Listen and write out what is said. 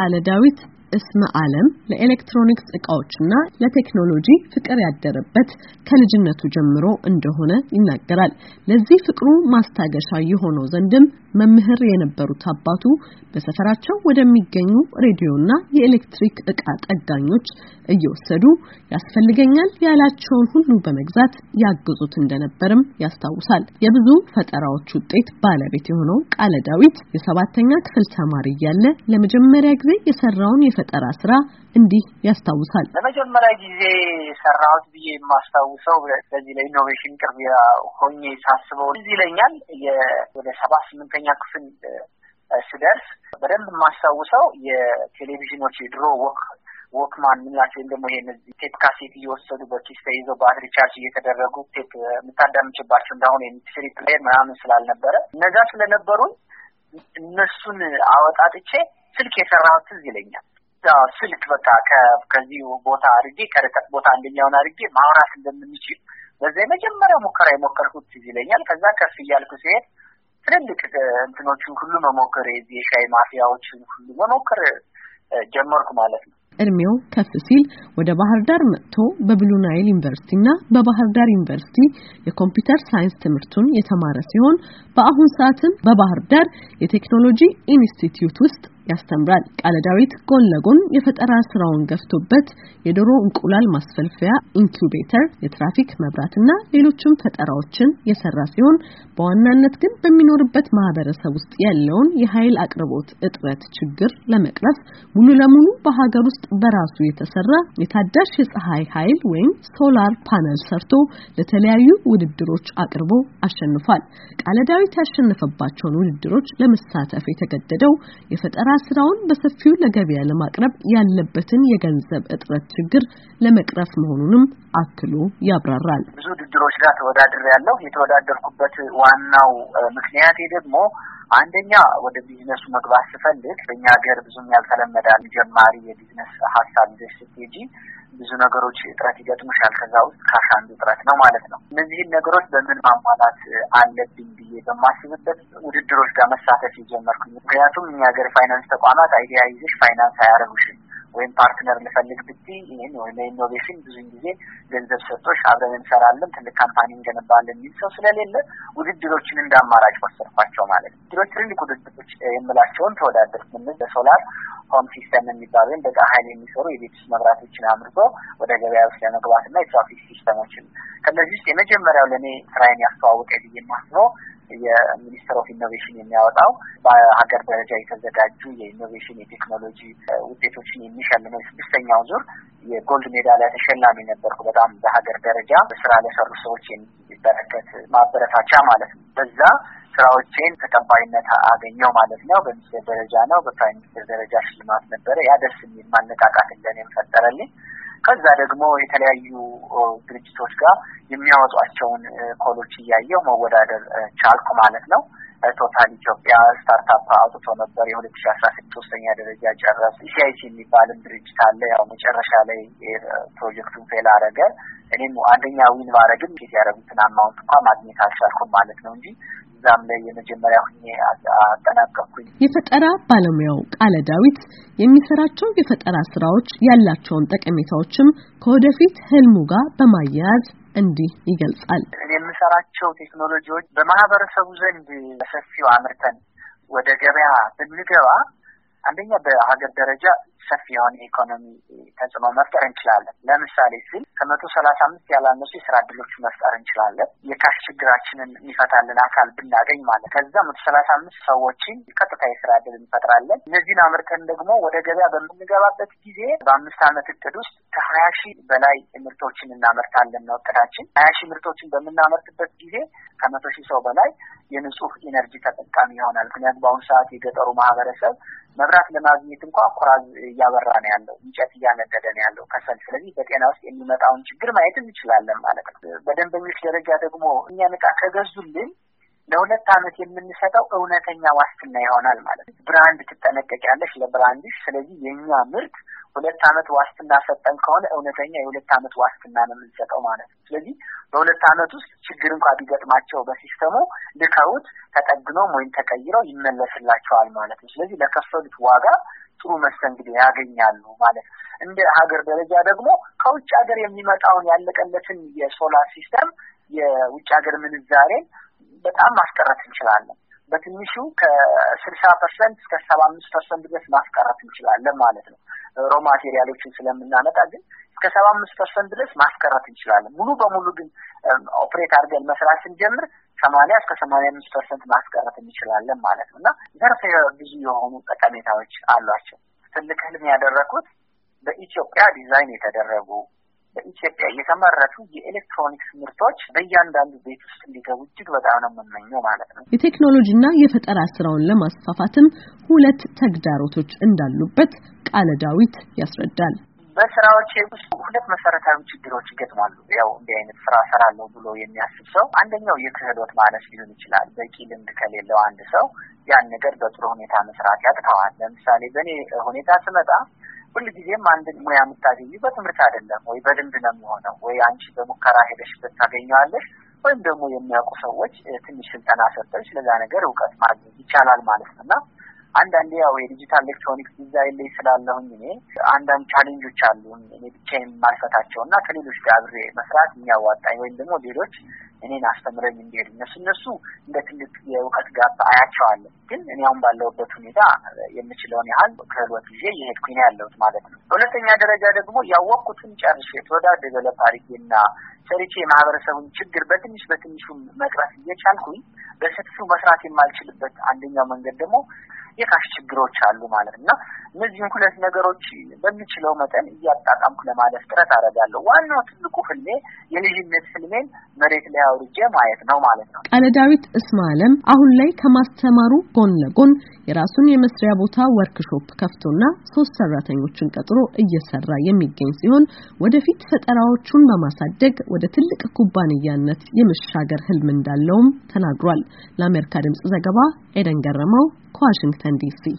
በዓለ ዳዊት እስመ ዓለም ለኤሌክትሮኒክስ እቃዎችና ለቴክኖሎጂ ፍቅር ያደረበት ከልጅነቱ ጀምሮ እንደሆነ ይናገራል። ለዚህ ፍቅሩ ማስታገሻ የሆነው ዘንድም መምህር የነበሩት አባቱ በሰፈራቸው ወደሚገኙ ሬዲዮና የኤሌክትሪክ እቃ ጠጋኞች እየወሰዱ ያስፈልገኛል ያላቸውን ሁሉ በመግዛት ያግዙት እንደነበርም ያስታውሳል። የብዙ ፈጠራዎች ውጤት ባለቤት የሆነው ቃለ ዳዊት የሰባተኛ ክፍል ተማሪ እያለ ለመጀመሪያ ጊዜ የሰራውን የፈጠራ ስራ እንዲህ ያስታውሳል። ለመጀመሪያ ጊዜ ሰራሁት ብዬ የማስታውሰው በዚህ ለኢኖቬሽን ቅርቢያ ሆኜ ሳስበው እዚህ ይለኛል ወደ ሰባ ስምንተ አራተኛ ክፍል ስደርስ በደንብ የማስታውሰው የቴሌቪዥኖች የድሮ ወቅ ወክማን ምንላቸው ወይም ደግሞ ይሄ እነዚህ ቴፕ ካሴት እየወሰዱ በኪስ ተይዘው ባትሪ ቻርጅ እየተደረጉ ቴፕ የምታዳምጭባቸው እንዳሁን የሚስሪ ፕሌየር ምናምን ስላልነበረ እነዛ ስለነበሩን እነሱን አወጣጥቼ ስልክ የሰራሁት ትዝ ይለኛል። ስልክ በቃ ከዚህ ቦታ አድርጌ ከርቀት ቦታ አንደኛውን አድርጌ ማውራት እንደምንችል በዛ የመጀመሪያው ሙከራ የሞከርኩት ትዝ ይለኛል። ከዛ ከፍ እያልኩ ሲሄድ ትልልቅ እንትኖችን ሁሉ መሞከር የሻይ ማፊያዎችን ሁሉ መሞከር ጀመርኩ ማለት ነው። እድሜው ከፍ ሲል ወደ ባህር ዳር መጥቶ በብሉ ናይል ዩኒቨርሲቲ እና በባህር ዳር ዩኒቨርሲቲ የኮምፒውተር ሳይንስ ትምህርቱን የተማረ ሲሆን በአሁን ሰዓትም በባህር ዳር የቴክኖሎጂ ኢንስቲትዩት ውስጥ ያስተምራል። ቃለ ዳዊት ጎን ለጎን የፈጠራ ስራውን ገፍቶበት የዶሮ እንቁላል ማስፈልፈያ ኢንኩቤተር፣ የትራፊክ መብራትና ሌሎችም ፈጠራዎችን የሰራ ሲሆን በዋናነት ግን በሚኖርበት ማህበረሰብ ውስጥ ያለውን የኃይል አቅርቦት እጥረት ችግር ለመቅረፍ ሙሉ ለሙሉ በሀገር ውስጥ በራሱ የተሰራ የታዳሽ የፀሐይ ኃይል ወይም ሶላር ፓነል ሰርቶ ለተለያዩ ውድድሮች አቅርቦ አሸንፏል። ቃለ ዳዊት ያሸነፈባቸውን ውድድሮች ለመሳተፍ የተገደደው የፈጠራ ስራውን በሰፊው ለገበያ ለማቅረብ ያለበትን የገንዘብ እጥረት ችግር ለመቅረፍ መሆኑንም አክሎ ያብራራል። ብዙ ውድድሮች ጋር ተወዳድር ያለው የተወዳደርኩበት ዋናው ምክንያቴ ደግሞ አንደኛ ወደ ቢዝነሱ መግባት ስፈልግ በእኛ ሀገር ብዙም ያልተለመደ ጀማሪ የቢዝነስ ሀሳብ ይዘሽ ስትሄጂ ብዙ ነገሮች እጥረት ይገጥሙሻል። ከዛ ውስጥ ካሽ አንዱ እጥረት ነው ማለት ነው። እነዚህን ነገሮች በምን ማሟላት አለብኝ ብዬ በማስብበት ውድድሮች ጋር መሳተፍ የጀመርኩኝ። ምክንያቱም እኛ ሀገር ፋይናንስ ተቋማት አይዲያ ይዘሽ ፋይናንስ አያረጉሽም። ወይም ፓርትነር ልፈልግ ብቲ ይህን ወይም ኢኖቬሽን ብዙን ጊዜ ገንዘብ ሰጥቶች አብረን እንሰራለን፣ ትልቅ ካምፓኒ እንገነባለን የሚል ሰው ስለሌለ ውድድሮችን እንደ አማራጭ ወሰድኳቸው ማለት ነው። ውድድሮች ትልልቅ ውድድሮች የምላቸውን ተወዳደር ስንል በሶላር ሆም ሲስተም የሚባሉ ወይም በቃ ሀይል የሚሰሩ የቤት ውስጥ መብራቶችን አምርቶ ወደ ገበያ ውስጥ ለመግባት እና የትራፊክ ሲስተሞችን ከእነዚህ ውስጥ የመጀመሪያው ለእኔ ስራዬን ያስተዋወቀ ብዬ የማስበው የሚኒስትር ኦፍ ኢኖቬሽን የሚያወጣው በሀገር ደረጃ የተዘጋጁ የኢኖቬሽን የቴክኖሎጂ ውጤቶችን የሚሸልመው ስድስተኛው ዙር የጎልድ ሜዳሊያ ተሸላሚ ነበርኩ። በጣም በሀገር ደረጃ በስራ ለሰሩ ሰዎች የሚበረከት ማበረታቻ ማለት ነው። በዛ ስራዎቼን ተቀባይነት አገኘው ማለት ነው። በሚኒስትር ደረጃ ነው፣ በፕራይም ሚኒስትር ደረጃ ሽልማት ነበረ። ያ ደስ የሚል ማነቃቃት እንደኔም ፈጠረልኝ። ከዛ ደግሞ የተለያዩ ድርጅቶች ጋር የሚያወጧቸውን ኮሎች እያየው መወዳደር ቻልኩ ማለት ነው። ቶታል ኢትዮጵያ ስታርታፕ አውጥቶ ነበር። የሁለት ሺ አስራ ስድስት ሶስተኛ ደረጃ ጨረስ። ኢሲአይሲ የሚባልም ድርጅት አለ። ያው መጨረሻ ላይ ፕሮጀክቱን ፌል አረገ። እኔም አንደኛ ዊን ባረግም ጌት ያደረጉትን አማውንት እንኳ ማግኘት አልቻልኩም ማለት ነው እንጂ እዛም ላይ የመጀመሪያ ሁኜ አጠናቀኩኝ። የፈጠራ ባለሙያው ቃለ ዳዊት የሚሰራቸው የፈጠራ ስራዎች ያላቸውን ጠቀሜታዎችም ከወደፊት ህልሙ ጋር በማያያዝ እንዲህ ይገልጻል። የምሰራቸው ቴክኖሎጂዎች በማህበረሰቡ ዘንድ በሰፊው አምርተን ወደ ገበያ ብንገባ አንደኛ በሀገር ደረጃ ሰፊ የሆነ የኢኮኖሚ ተጽዕኖ መፍጠር እንችላለን። ለምሳሌ ስል ከመቶ ሰላሳ አምስት ያላነሱ የስራ እድሎች መፍጠር እንችላለን። የካሽ ችግራችንን የሚፈታልን አካል ብናገኝ ማለት ከዛ መቶ ሰላሳ አምስት ሰዎችን ቀጥታ የስራ እድል እንፈጥራለን። እነዚህን አምርተን ደግሞ ወደ ገበያ በምንገባበት ጊዜ በአምስት ዓመት እቅድ ውስጥ ከሀያ ሺህ በላይ ምርቶችን እናመርታለን ነው እቅዳችን። ሀያ ሺህ ምርቶችን በምናመርትበት ጊዜ ከመቶ ሺህ ሰው በላይ የንጹህ ኢነርጂ ተጠቃሚ ይሆናል። ምክንያቱም በአሁኑ ሰዓት የገጠሩ ማህበረሰብ መብራት ለማግኘት እንኳ ኩራዝ እያበራ ነው ያለው፣ እንጨት እያነደደ ነው ያለው ከሰል። ስለዚህ በጤና ውስጥ የሚመጣውን ችግር ማየት እንችላለን ማለት ነው። በደንበኞች ደረጃ ደግሞ እኛ ንቃ ከገዙልን ለሁለት ዓመት የምንሰጠው እውነተኛ ዋስትና ይሆናል ማለት ነው። ብራንድ ትጠነቀቂያለሽ ለብራንድሽ። ስለዚህ የእኛ ምርት ሁለት ዓመት ዋስትና ሰጠን ከሆነ እውነተኛ የሁለት ዓመት ዋስትና ነው የምንሰጠው ማለት ነው። ስለዚህ በሁለት ዓመት ውስጥ ችግር እንኳ ቢገጥማቸው በሲስተሙ ልከውት ተጠግኖም ወይም ተቀይረው ይመለስላቸዋል ማለት ነው። ስለዚህ ለከፈሉት ዋጋ ጥሩ መስተንግዶ ያገኛሉ ማለት ነው። እንደ ሀገር ደረጃ ደግሞ ከውጭ ሀገር የሚመጣውን ያለቀለትን የሶላር ሲስተም የውጭ ሀገር ምንዛሬን በጣም ማስቀረት እንችላለን። በትንሹ ከስልሳ ፐርሰንት እስከ ሰባ አምስት ፐርሰንት ድረስ ማስቀረት እንችላለን ማለት ነው። ሮ ማቴሪያሎችን ስለምናመጣ ግን እስከ ሰባ አምስት ፐርሰንት ድረስ ማስቀረት እንችላለን። ሙሉ በሙሉ ግን ኦፕሬት አድርገን መስራት ስንጀምር ሰማንያ እስከ ሰማንያ አምስት ፐርሰንት ማስቀረት እንችላለን ማለት ነው እና ዘርፈ ብዙ የሆኑ ጠቀሜታዎች አሏቸው። ትልቅ ህልም ያደረግኩት በኢትዮጵያ ዲዛይን የተደረጉ በኢትዮጵያ የተመረቱ የኤሌክትሮኒክስ ምርቶች በእያንዳንዱ ቤት ውስጥ እንዲገቡ እጅግ በጣም ነው የምመኘው ማለት ነው። የቴክኖሎጂና የፈጠራ ስራውን ለማስፋፋትም ሁለት ተግዳሮቶች እንዳሉበት ቃለ ዳዊት ያስረዳል። በስራዎች ውስጥ ሁለት መሰረታዊ ችግሮች ይገጥማሉ። ያው እንዲህ አይነት ስራ ሰራለሁ ብሎ የሚያስብ ሰው አንደኛው የክህሎት ማለት ሊሆን ይችላል። በቂ ልምድ ከሌለው አንድ ሰው ያን ነገር በጥሩ ሁኔታ መስራት ያቅተዋል። ለምሳሌ በእኔ ሁኔታ ስመጣ ሁልጊዜም አንድን ሙያ የምታገኙ በትምህርት አይደለም ወይ በልምድ ነው የሚሆነው ወይ አንቺ በሙከራ ሄደሽ ታገኘዋለሽ ወይም ደግሞ የሚያውቁ ሰዎች ትንሽ ስልጠና ሰጠች ለዛ ነገር እውቀት ማግኘት ይቻላል ማለት ነው እና አንዳንዴ ያው የዲጂታል ኤሌክትሮኒክስ ዲዛይን ላይ ስላለሁኝ እኔ አንዳንድ ቻሌንጆች አሉ እኔ ብቻ የማልፈታቸው እና ከሌሎች ጋር አብሬ መስራት የሚያዋጣኝ ወይም ደግሞ ሌሎች እኔን አስተምረኝ እንዲሄዱ እነሱ እነሱ እንደ ትልቅ የእውቀት ጋር አያቸዋለን። ግን እኔ አሁን ባለውበት ሁኔታ የምችለውን ያህል ክህሎት ጊዜ እየሄድኩኝ ያለሁት ማለት ነው። በሁለተኛ ደረጃ ደግሞ ያወቅኩትን ጨርሼ ተወዳደ ገለፓሪጌና ሰርቼ የማህበረሰቡን ችግር በትንሽ በትንሹም መቅረፍ እየቻልኩኝ በሰፊው መስራት የማልችልበት አንደኛው መንገድ ደግሞ የካሽ ችግሮች አሉ ማለት ነው። እና እነዚህን ሁለት ነገሮች በሚችለው መጠን እያጣጣምኩ ለማለፍ ጥረት አደርጋለሁ። ዋናው ትልቁ ህልሜ የልጅነት ህልሜን መሬት ላይ አውርጄ ማየት ነው ማለት ነው። ቃለ ዳዊት እስማ አለም አሁን ላይ ከማስተማሩ ጎን ለጎን የራሱን የመስሪያ ቦታ ወርክሾፕ ከፍቶና ሶስት ሰራተኞችን ቀጥሮ እየሰራ የሚገኝ ሲሆን ወደፊት ፈጠራዎቹን በማሳደግ ወደ ትልቅ ኩባንያነት የመሻገር ህልም እንዳለውም ተናግሯል። ለአሜሪካ ድምጽ ዘገባ ኤደን ገረመው Washington, D.C.